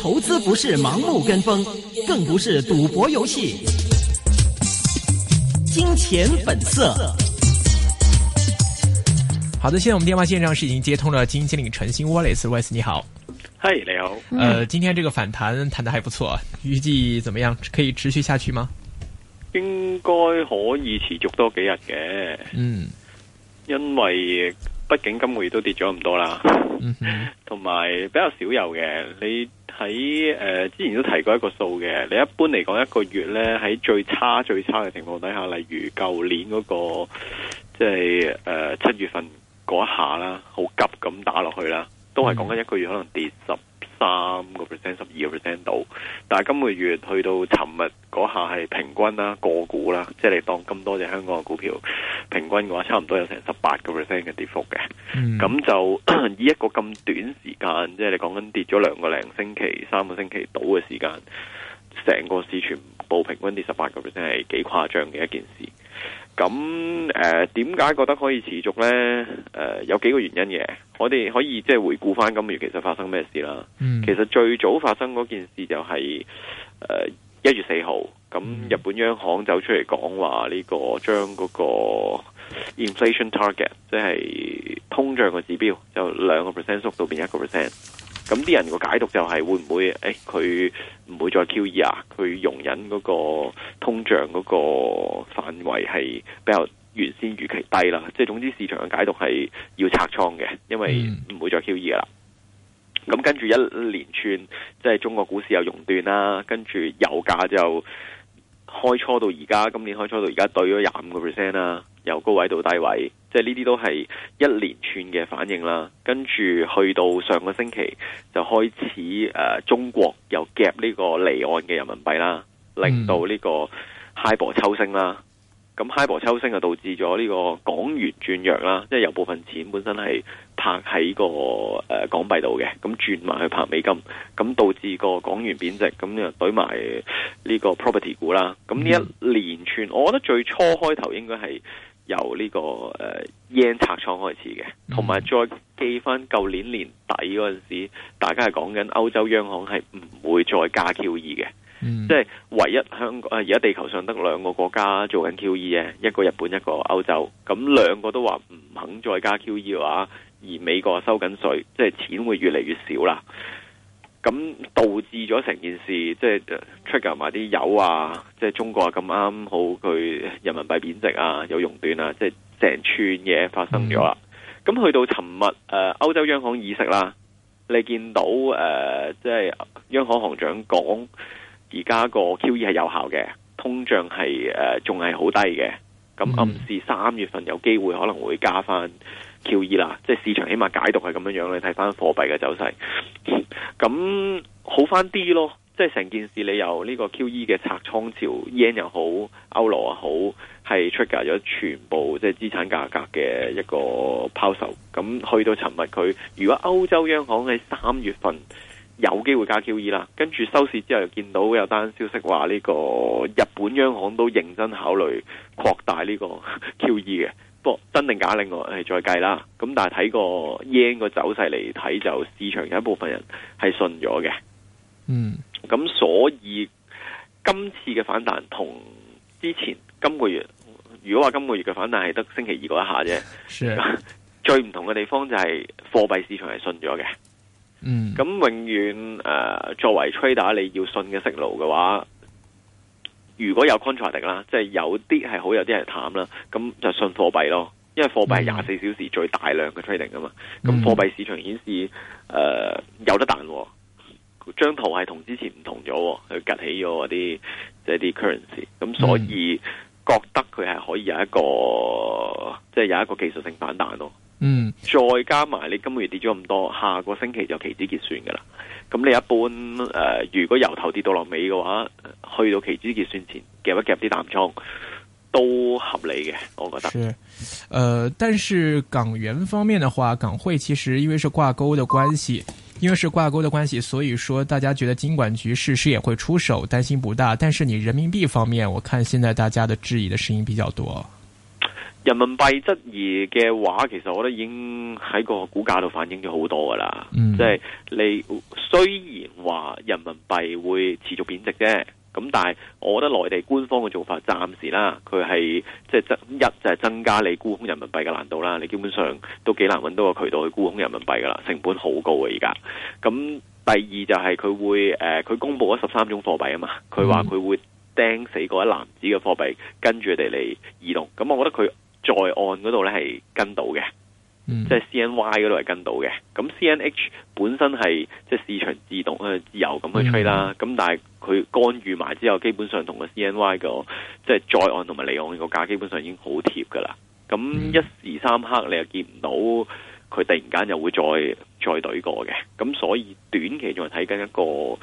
投資不是盲目跟風，更不是賭博遊戲。金錢本色。好的，現在我們電話線上是已經接通了金經理陳昕 Wallace，Wallace 你好。嗨，你好。呃，今天這個反彈彈得還不錯，預計怎麼樣可以持續下去嗎？應該可以持續多幾日嘅。嗯，因為。畢竟今個月都跌咗咁多啦，同埋 比較少有嘅。你喺誒、呃、之前都提過一個數嘅，你一般嚟講一個月咧，喺最差最差嘅情況底下，例如舊年嗰、嗰個即係誒七月份嗰一下啦，好急咁打落去啦，都係講緊一個月可能跌十三個 percent、十二個 percent 到。但係今個月去到尋日嗰下係平均啦，個股啦，即係你當咁多隻香港嘅股票平均嘅話，差唔多有成十八個 percent 嘅跌幅嘅，咁、mm. 就以一個咁短時間，即係你講緊跌咗兩個零星期、三個星期到嘅時間，成個市全部平均跌十八個 percent 係幾誇張嘅一件事。咁誒點解覺得可以持續呢？誒、呃、有幾個原因嘅，我哋可以，可以即係回顧翻今月其實發生咩事啦。嗯、其實最早發生嗰件事就係誒一月四號，咁日本央行走出嚟講話呢個將嗰個 inflation target，即係通脹個指標，就兩個 percent 縮到變一個 percent。咁啲人個解讀就係會唔會？誒，佢唔會再 QE 啊？佢容忍嗰個通脹嗰個範圍係比較原先預期低啦。即係總之市場嘅解讀係要拆倉嘅，因為唔會再 QE 啦。咁跟住一連串，即係中國股市又熔斷啦，跟住油價就開初到而家，今年開初到而家對咗廿五個 percent 啦，由高位到低位。即係呢啲都係一連串嘅反應啦，跟住去到上個星期就開始誒、呃、中國又夾呢個離岸嘅人民幣啦，令到呢個 high 波抽升啦。咁 high 波抽升就導致咗呢個港元轉弱啦，即係有部分錢本身係拍喺、個誒、呃、港幣度嘅，咁轉埋去拍美金，咁導致個港元貶值，咁就懟埋呢個 property 股啦。咁呢一連串，嗯、我覺得最初開頭應該係。由呢、這個誒英拆倉開始嘅，同埋再記翻舊年年底嗰陣時，大家係講緊歐洲央行係唔會再加 QE 嘅，嗯、即係唯一香港而家地球上得兩個國家做緊 QE 嘅，一個日本一個歐洲，咁兩個都話唔肯再加 QE 嘅話，而美國收緊稅，即係錢會越嚟越少啦。咁導致咗成件事，即係 trigger 埋啲油啊，即係中國啊咁啱好佢人民幣貶值啊，有熔斷啊，即係成串嘢發生咗啦。咁、嗯、去到尋日，誒、呃、歐洲央行議息啦，你見到誒、呃、即係央行行長講，而家個 QE 係有效嘅，通脹係誒仲係好低嘅，咁暗示三月份有機會可能會加翻。Q.E. 啦，即係、就是、市場起碼解讀係咁樣樣，你睇翻貨幣嘅走勢，咁好翻啲咯。即係成件事你、e 潮潮，你由呢個 Q.E. 嘅拆倉潮，E.N. 又好，歐羅又好，係 trigger 咗全部即係資產價格嘅一個拋售。咁去到尋日，佢如果歐洲央行喺三月份有機會加 Q.E. 啦，跟住收市之後又見到有單消息話呢個日本央行都認真考慮擴大呢個 Q.E. 嘅。不真定假另外係再計啦。咁但係睇個 yen 個走勢嚟睇，就市場有一部分人係信咗嘅。嗯，咁所以今次嘅反彈同之前今個月，如果話今個月嘅反彈係得星期二嗰一下啫。是的 最唔同嘅地方就係貨幣市場係信咗嘅。嗯遠。咁永遠誒，作為 trader 你要信嘅息路嘅話。如果有 contradict 啦，即係有啲係好，有啲係淡啦，咁就信貨幣咯，因為貨幣係廿四小時最大量嘅 trading 㗎嘛，咁、嗯、貨幣市場顯示誒、呃、有得彈、哦，張圖係同之前唔同咗、哦，佢隔起咗嗰啲即係啲 currency，咁所以、嗯、覺得佢係可以有一個即係、就是、有一個技術性反彈咯、哦。嗯，再加埋你今個月跌咗咁多，下個星期就期指結算噶啦。咁你一般誒、呃，如果由頭跌到落尾嘅話，去到期指結算前夾一夾啲淡倉都合理嘅，我覺得。是、呃，但是港元方面的話，港匯其實因為是掛鈎的關係，因為是掛鈎的關係，所以說大家覺得金管局適時也會出手，擔心不大。但是你人民幣方面，我看現在大家的質疑的聲音比較多。人民幣質疑嘅話，其實我覺得已經喺個股價度反映咗好多噶啦。即係、嗯、你雖然話人民幣會持續貶值啫，咁但係我覺得內地官方嘅做法暫時啦，佢係即係一就係、增、增加你沽空人民幣嘅難度啦。你基本上都幾難揾到個渠道去沽空人民幣噶啦，成本好高嘅而家。咁第二就係佢會誒，佢、呃、公布咗十三種貨幣啊嘛，佢話佢會釘死嗰一籃子嘅貨幣，跟住佢哋嚟移動。咁我覺得佢。在岸嗰度咧係跟到嘅、嗯，即係 CNY 嗰度係跟到嘅。咁 CNH 本身係即係市場自動誒自由咁去吹啦、er, 嗯。咁但係佢干預埋之後，基本上同個 CNY 個即係在岸同埋離岸個價基本上已經好貼㗎啦。咁一時三刻你又見唔到佢突然間又會再再對過嘅。咁所以短期仲係睇緊一個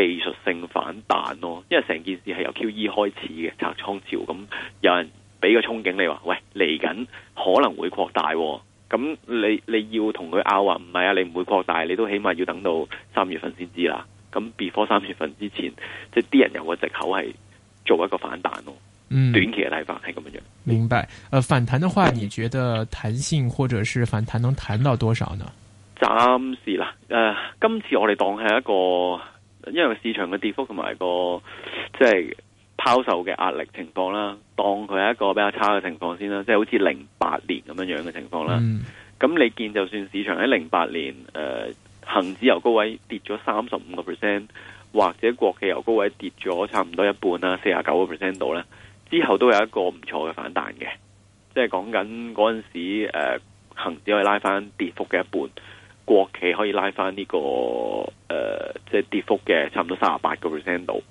技術性反彈咯。因為成件事係由 QE 開始嘅拆倉潮，咁有人。俾個憧憬你話，喂，嚟緊可能會擴大，咁你你要同佢拗啊。唔係啊，你唔會擴大，你都起碼要等到三月份先知啦。咁 before 三月份之前，即係啲人有個藉口係做一個反彈咯。嗯、短期嘅睇法係咁樣樣。明白。誒、呃，反彈嘅話，你覺得彈性或者是反彈能彈到多少呢？暫時啦。誒、呃，今次我哋當係一個，因為市場嘅跌幅同埋個即係。拋售嘅壓力情況啦，當佢係一個比較差嘅情況先啦，即係好似零八年咁樣樣嘅情況啦。咁、嗯、你見就算市場喺零八年，誒、呃、恒指由高位跌咗三十五個 percent，或者國企由高位跌咗差唔多一半啦，四十九個 percent 度咧，之後都有一個唔錯嘅反彈嘅。即係講緊嗰陣時，誒、呃、恒指可以拉翻跌幅嘅一半，國企可以拉翻呢、這個誒、呃、即係跌幅嘅差唔多三十八個 percent 度。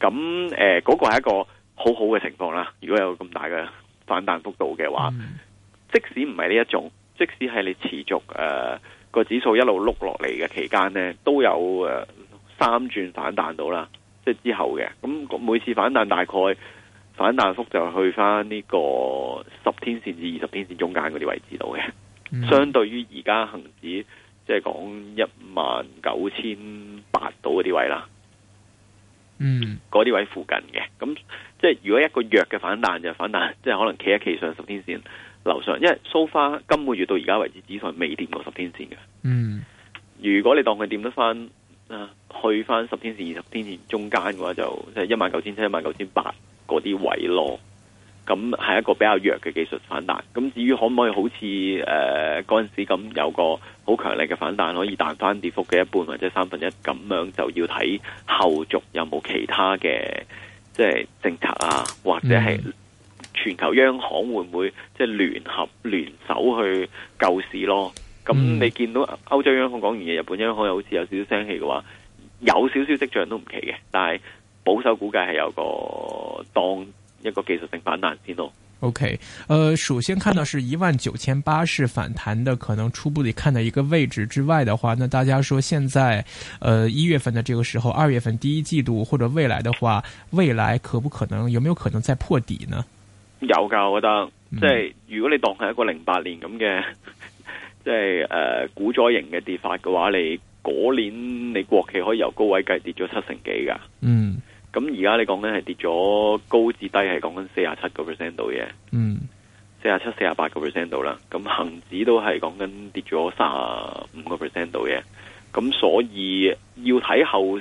咁誒，嗰、呃、那個係一個好好嘅情況啦。如果有咁大嘅反彈幅度嘅話，嗯、即使唔係呢一種，即使係你持續誒個、呃、指數一路碌落嚟嘅期間呢，都有誒、呃、三轉反彈到啦。即係之後嘅，咁、那個、每次反彈大概反彈幅就去翻呢個十天線至二十天線中間嗰啲位置度嘅。嗯、相對於而家恒指，即、就、係、是、講一萬九千八度嗰啲位啦。嗯，嗰啲位附近嘅，咁即係如果一個弱嘅反彈就是、反彈，即係可能企一企上十天線樓上，因為 so far 今個月到而家為止指數未掂過十天線嘅。嗯，如果你當佢掂得翻啊，去翻十天線、二十天線中間嘅話，就即係一萬九千七、一萬九千八嗰啲位咯。咁係一個比較弱嘅技術反彈。咁至於可唔可以好似誒嗰陣時咁有個好強力嘅反彈，可以彈翻跌幅嘅一半或者三分一咁樣，就要睇後續有冇其他嘅即係政策啊，或者係全球央行會唔會即係聯合聯手去救市咯。咁你見到歐洲央行講完嘢，日本央行又好似有少少聲氣嘅話，有少少跡象都唔奇嘅。但係保守估計係有個當。一個技術性反彈先咯。OK，呃，首先看到是一萬九千八是反彈的，可能初步睇看到一個位置之外的話，那大家說現在，呃，一月份的這個時候，二月份第一季度或者未來的話，未來可不可能，有沒有可能再破底呢？有噶，我覺得，嗯、即係如果你當係一個零八年咁嘅， 即係誒股災型嘅跌法嘅話，你嗰年你國企可以由高位計跌咗七成幾噶。嗯。咁而家你講緊係跌咗高至低係講緊四十七個 percent 度嘅，嗯，四十七、四十八個 percent 度啦。咁恒指都係講緊跌咗三十五個 percent 度嘅。咁所以要睇後，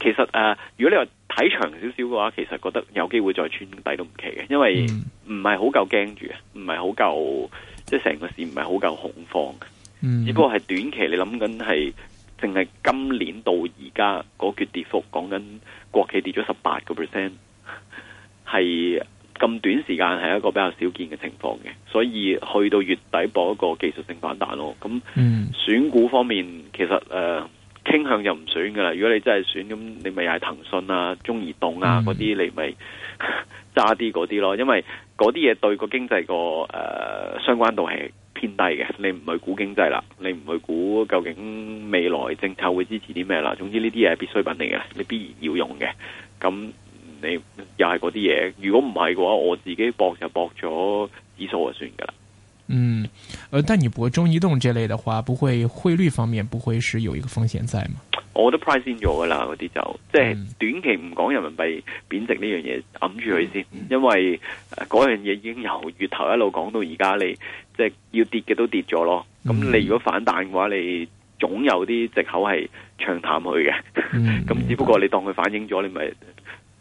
其實誒、啊，如果你話睇長少少嘅話，其實覺得有機會再穿底都唔奇嘅，因為唔係好夠驚住，唔係好夠即係成個市唔係好夠恐慌，嗯、只不過係短期你諗緊係。淨係今年到而家嗰橛跌幅，講緊國企跌咗十八個 percent，係咁短時間係一個比較少見嘅情況嘅，所以去到月底博一個技術性反彈咯。咁、嗯、選股方面，其實誒傾、呃、向就唔選噶啦。如果你真係選，咁你咪係騰訊啊、中移動啊嗰啲、嗯，你咪揸啲嗰啲咯。因為嗰啲嘢對個經濟個誒相關度係偏低嘅，你唔去估經濟啦，你唔去估究竟未來政策會支持啲咩啦。總之呢啲嘢係必需品嚟嘅，你必然要用嘅。咁你又係嗰啲嘢，如果唔係嘅話，我自己博就博咗指數就算噶啦。嗯，但你博中移動這類嘅話，不會匯率方面不會是有一個風險在嘛。我都 price in 咗噶啦，嗰啲就即係短期唔講人民幣貶值呢樣嘢，揞住佢先，因為嗰樣嘢已經由月頭一路講到而家你。即係要跌嘅都跌咗咯，咁你如果反彈嘅話，嗯、你總有啲藉口係長談去嘅，咁 只不過你當佢反映咗，你咪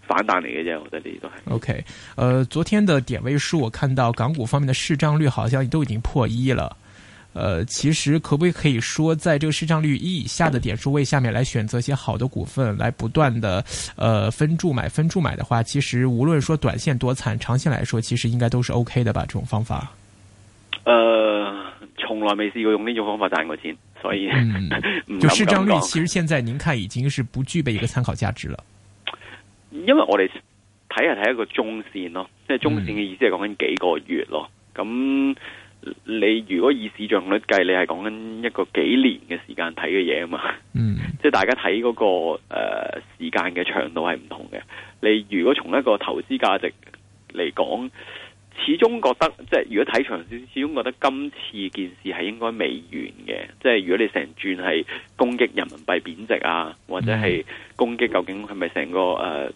反彈嚟嘅啫，我覺得呢都係。OK，呃，昨天的點位數我看到港股方面的市賬率好像都已經破一了，呃，其實可唔可以可以說，在這個市賬率一以下的點數位下面，來選擇一些好的股份，來不斷的，呃，分注買，分注買的話，其實無論說短線多慘，長線來說，其實應該都是 OK 的吧？這種方法。誒從、呃、來未試過用呢種方法賺過錢，所以，嗯、 就市賬率，其實現在您看已經是不具備一個參考價值了。因為我哋睇係睇一個中線咯，即係中線嘅意思係講緊幾個月咯。咁、嗯、你如果以市賬率計，你係講緊一個幾年嘅時間睇嘅嘢啊嘛。即係、嗯、大家睇嗰個誒時間嘅長度係唔同嘅。你如果從一個投資價值嚟講。始終覺得，即係如果睇長線，始終覺得今次件事係應該未完嘅。即係如果你成轉係攻擊人民幣貶值啊，或者係攻擊究竟係咪成個誒、呃、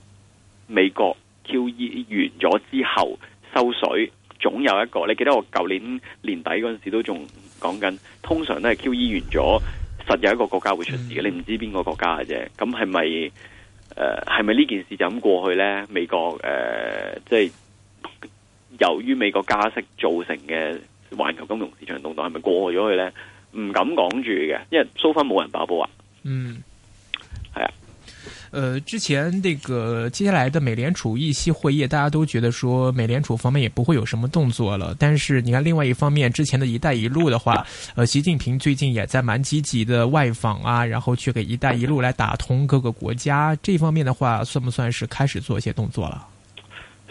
美國 QE 完咗之後收水，總有一個。你記得我舊年年底嗰陣時都仲講緊，通常都係 QE 完咗，實有一個國家會出事嘅。你唔知邊個國家嘅啫。咁係咪誒、係咪呢件事就咁過去呢？美國誒、呃、即係。由於美國加息造成嘅環球金融市場動盪係咪過咗去呢？唔敢講住嘅，因為 so far 冇人爆煲啊。嗯，係啊。呃，之前呢、那個接下來的美聯儲議息會議，大家都覺得說美聯儲方面也不會有什麼動作了。但是你看另外一方面，之前的一帶一路的話，呃，習近平最近也在蠻積極的外訪啊，然後去給一帶一路來打通各個國家。這方面的話，算不算是開始做一些動作了？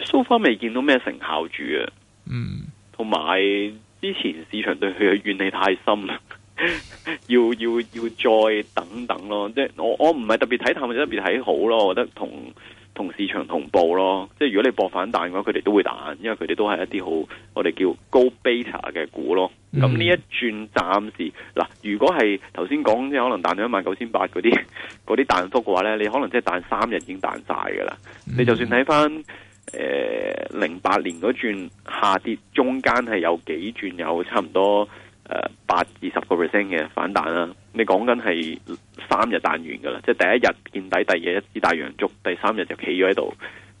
So far 未見到咩成效住啊，嗯，同埋之前市場對佢嘅怨氣太深，要要要再等等咯。即係我我唔係特別睇淡，我特別睇好咯。我覺得同同市場同步咯。即係如果你搏反彈嘅話，佢哋都會彈，因為佢哋都係一啲好我哋叫高 beta 嘅股咯。咁呢一轉暫時嗱，如果係頭先講即係可能彈到一萬九千八嗰啲嗰啲彈幅嘅話咧，你可能即係彈三日已經彈晒噶啦。你就算睇翻，誒，零八、呃、年嗰轉下跌中間係有幾轉有差唔多誒八至十個 percent 嘅反彈啦、啊。你講緊係三日彈完噶啦，即係第一日見底，第二日一支大陽燭，第三日就企咗喺度，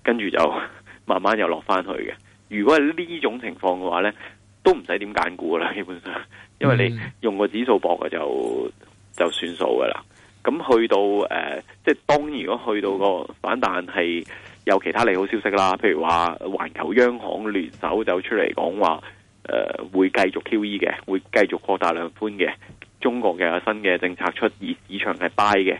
跟住就呵呵慢慢又落翻去嘅。如果係呢種情況嘅話咧，都唔使點揀股噶啦，基本上，因為你用個指數博嘅就就算數噶啦。咁去到誒、呃，即係當然如果去到，個反彈係。有其他利好消息啦，譬如話環球央行聯手走出嚟講話，誒會繼續 QE 嘅，會繼續擴大量寬嘅。中國嘅新嘅政策出以市場係 buy 嘅，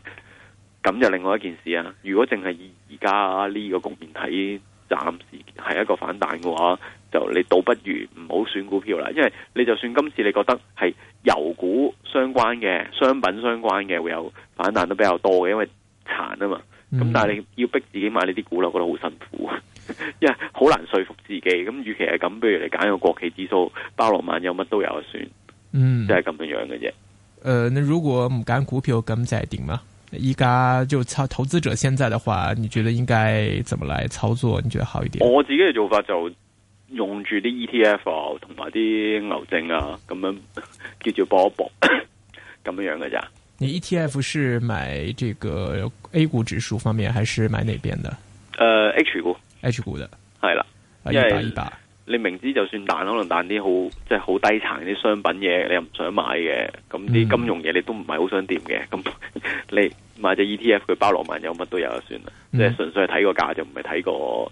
咁就另外一件事啊。如果淨係以而家呢個局面睇，暫時係一個反彈嘅話，就你倒不如唔好選股票啦。因為你就算今次你覺得係油股相關嘅、商品相關嘅會有反彈都比較多嘅，因為殘啊嘛。咁、嗯、但係你要逼自己買呢啲股咧，我覺得好辛苦， 因為好難說服自己。咁與其係咁，不如你揀個國企指數，包羅萬有，乜都有就算。嗯，即係咁樣樣嘅啫。誒、呃，你如果唔揀股票咁，就係點啊？依家就操投資者現在嘅話，你覺得應該怎麼嚟操作？你覺得好一點？我自己嘅做法就用住啲 ETF 同埋啲牛證啊，咁樣叫做搏一搏，咁 樣樣嘅咋？你 ETF 是買這個 A 股指數方面，還是買哪邊的？誒、呃、，H 股，H 股的係啦，一百一百。100, 100你明知就算彈，可能彈啲好即係好低殘啲商品嘢，你又唔想買嘅，咁啲金融嘢你都唔係好想掂嘅，咁、嗯、 你買隻 ETF 佢包羅萬有，乜都有就算啦，即係純粹係睇個價就唔係睇個。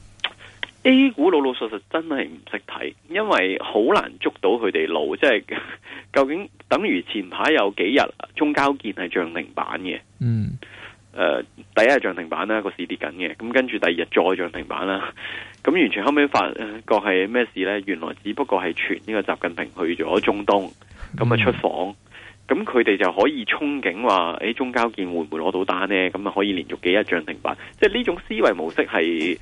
A 股老老實實真係唔識睇，因為好難捉到佢哋路，即係究竟等於前排有幾日中交建係漲停板嘅，嗯，誒、呃，第一日漲停板啦，個市跌緊嘅，咁跟住第二日再漲停板啦，咁完全後尾發覺係咩事呢？原來只不過係傳呢個習近平去咗中東，咁啊出訪，咁佢哋就可以憧憬話：誒，中交建會唔會攞到單呢？咁啊可以連續幾日漲停板，即係呢種思維模式係。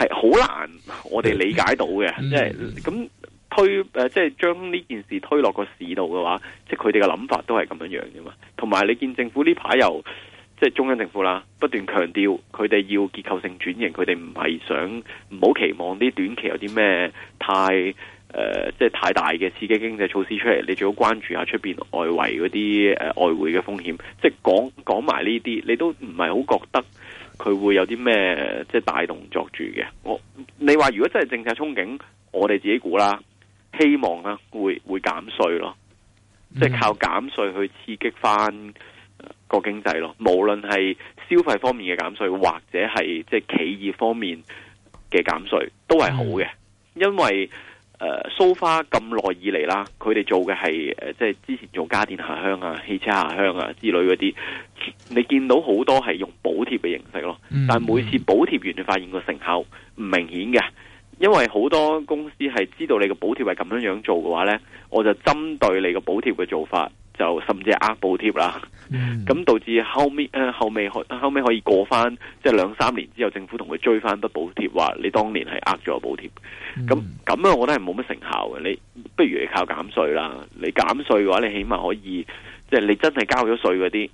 係好難，我哋理解到嘅，即係咁推誒，即係將呢件事推落個市度嘅話，即係佢哋嘅諗法都係咁樣樣啫嘛。同埋，你見政府呢排又即係中央政府啦，不斷強調佢哋要結構性轉型，佢哋唔係想唔好期望啲短期有啲咩太誒、呃，即係太大嘅刺激經濟措施出嚟。你最好關注下出邊外圍嗰啲誒外匯嘅、呃、風險。即係講講埋呢啲，你都唔係好覺得。佢會有啲咩即係大動作住嘅？我你話如果真係政策憧憬，我哋自己估啦，希望啦、啊、會會減稅咯，即係靠減稅去刺激返、呃、個經濟咯。無論係消費方面嘅減稅，或者係即係企業方面嘅減稅，都係好嘅，嗯、因為。誒蘇花咁耐以嚟啦，佢哋做嘅係誒，即、呃、係之前做家電下鄉啊、汽車下鄉啊之類嗰啲，你見到好多係用補貼嘅形式咯。但每次補貼完，你發現個成效唔明顯嘅，因為好多公司係知道你個補貼係咁樣樣做嘅話呢，我就針對你個補貼嘅做法。就甚至係呃補貼啦，咁、嗯、導致後尾，誒、呃、後尾可後尾可以過翻，即係兩三年之後，政府同佢追翻筆補貼，話你當年係呃咗我補貼。咁咁、嗯、樣、啊，我覺得係冇乜成效嘅。你不如你靠減稅啦，你減稅嘅話，你起碼可以即係你真係交咗稅嗰啲，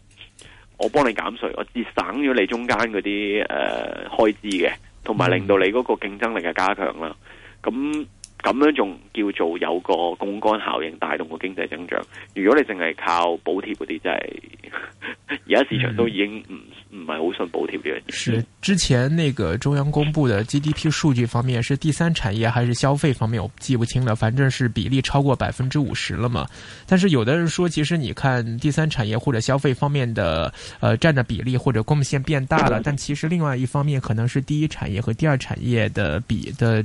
我幫你減稅，我節省咗你中間嗰啲誒開支嘅，同埋令到你嗰個競爭力嘅加強啦。咁、嗯。嗯咁樣仲叫做有個槓桿效應帶動個經濟增長。如果你淨係靠補貼嗰啲，真係而家市場都已經唔唔係好信補貼呢樣嘢。是之前那個中央公布的 GDP 數據方面，是第三產業還是消費方面？我記不清了。反正是比例超過百分之五十了嘛。但是有的人說，其實你看第三產業或者消費方面的，呃，佔的比例或者貢獻變大了。但其實另外一方面，可能是第一產業和第二產業的比的。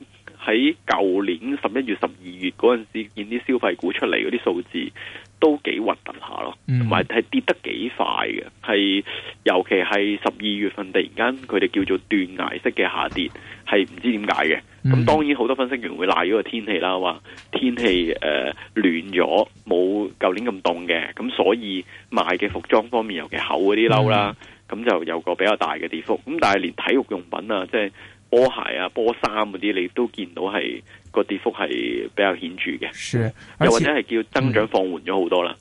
喺舊年十一月、十二月嗰陣時，見啲消費股出嚟嗰啲數字都幾核突下咯，同埋係跌得幾快嘅。係尤其係十二月份突然間佢哋叫做斷崖式嘅下跌，係唔知點解嘅。咁、嗯、當然好多分析員會賴咗個天氣啦，話天氣誒、呃、暖咗，冇舊年咁凍嘅，咁所以賣嘅服裝方面，尤其厚嗰啲褸啦，咁、嗯、就有個比較大嘅跌幅。咁但係連體育用品啊，即係。波鞋啊，波衫嗰啲，你都見到係個跌幅係比較顯著嘅，又或者係叫增長放緩咗好多啦。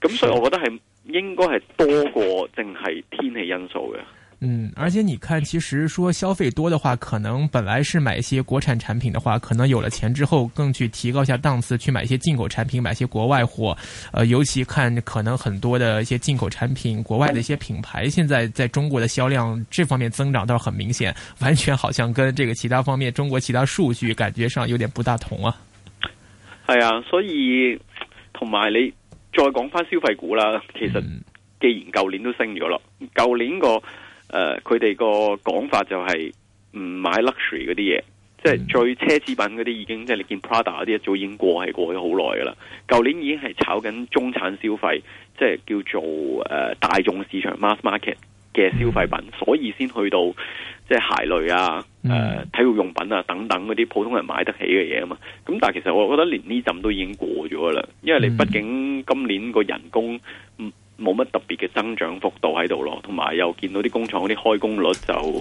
咁、嗯、所以我覺得係應該係多過淨係天氣因素嘅。嗯，而且你看，其實說消費多的話，可能本來是買一些國產產品的話，可能有了錢之後，更去提高一下檔次，去買一些進口產品，買些國外貨。呃，尤其看可能很多的一些進口產品，國外的一些品牌，現在在中國的銷量這方面增長倒是很明顯，完全好像跟這個其他方面中國其他數據感覺上有點不大同啊。係啊，所以同埋你再講返消費股啦，其實既然舊年都升咗咯，舊年、這個。誒，佢哋個講法就係唔買 luxury 嗰啲嘢，即係最奢侈品嗰啲已經、嗯、即係你見 Prada 嗰啲一早已經過係過咗好耐噶啦，舊年已經係炒緊中產消費，即係叫做誒、呃、大眾市場 mass market 嘅消費品，嗯、所以先去到即係鞋類啊、誒、嗯、體育用品啊等等嗰啲普通人買得起嘅嘢啊嘛。咁但係其實我覺得連呢陣都已經過咗噶啦，因為你畢竟今年個人工唔。嗯冇乜特別嘅增長幅度喺度咯，同埋又見到啲工廠嗰啲開工率就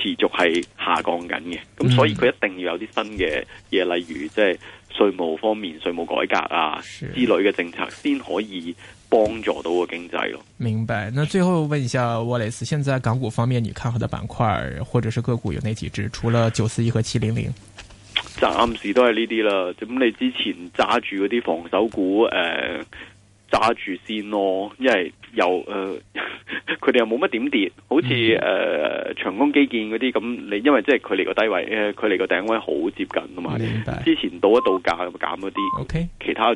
持續係下降緊嘅，咁所以佢一定要有啲新嘅嘢，例如即係稅務方面稅務改革啊之類嘅政策，先可以幫助到個經濟咯。明白。那最後問一下 Wallace，現在港股方面，你看好的板塊或者是個股有哪幾隻？除了九四一和七零零，暫時都係呢啲啦。咁你之前揸住嗰啲防守股，誒、呃。揸住先咯，因為又誒佢哋又冇乜點跌，好似誒、mm hmm. 呃、長江基建啲咁，你因為即係佢離個低位，誒佢離個頂位好接近啊嘛，mm hmm. 之前到一度價咁減嗰啲，OK，其他啲。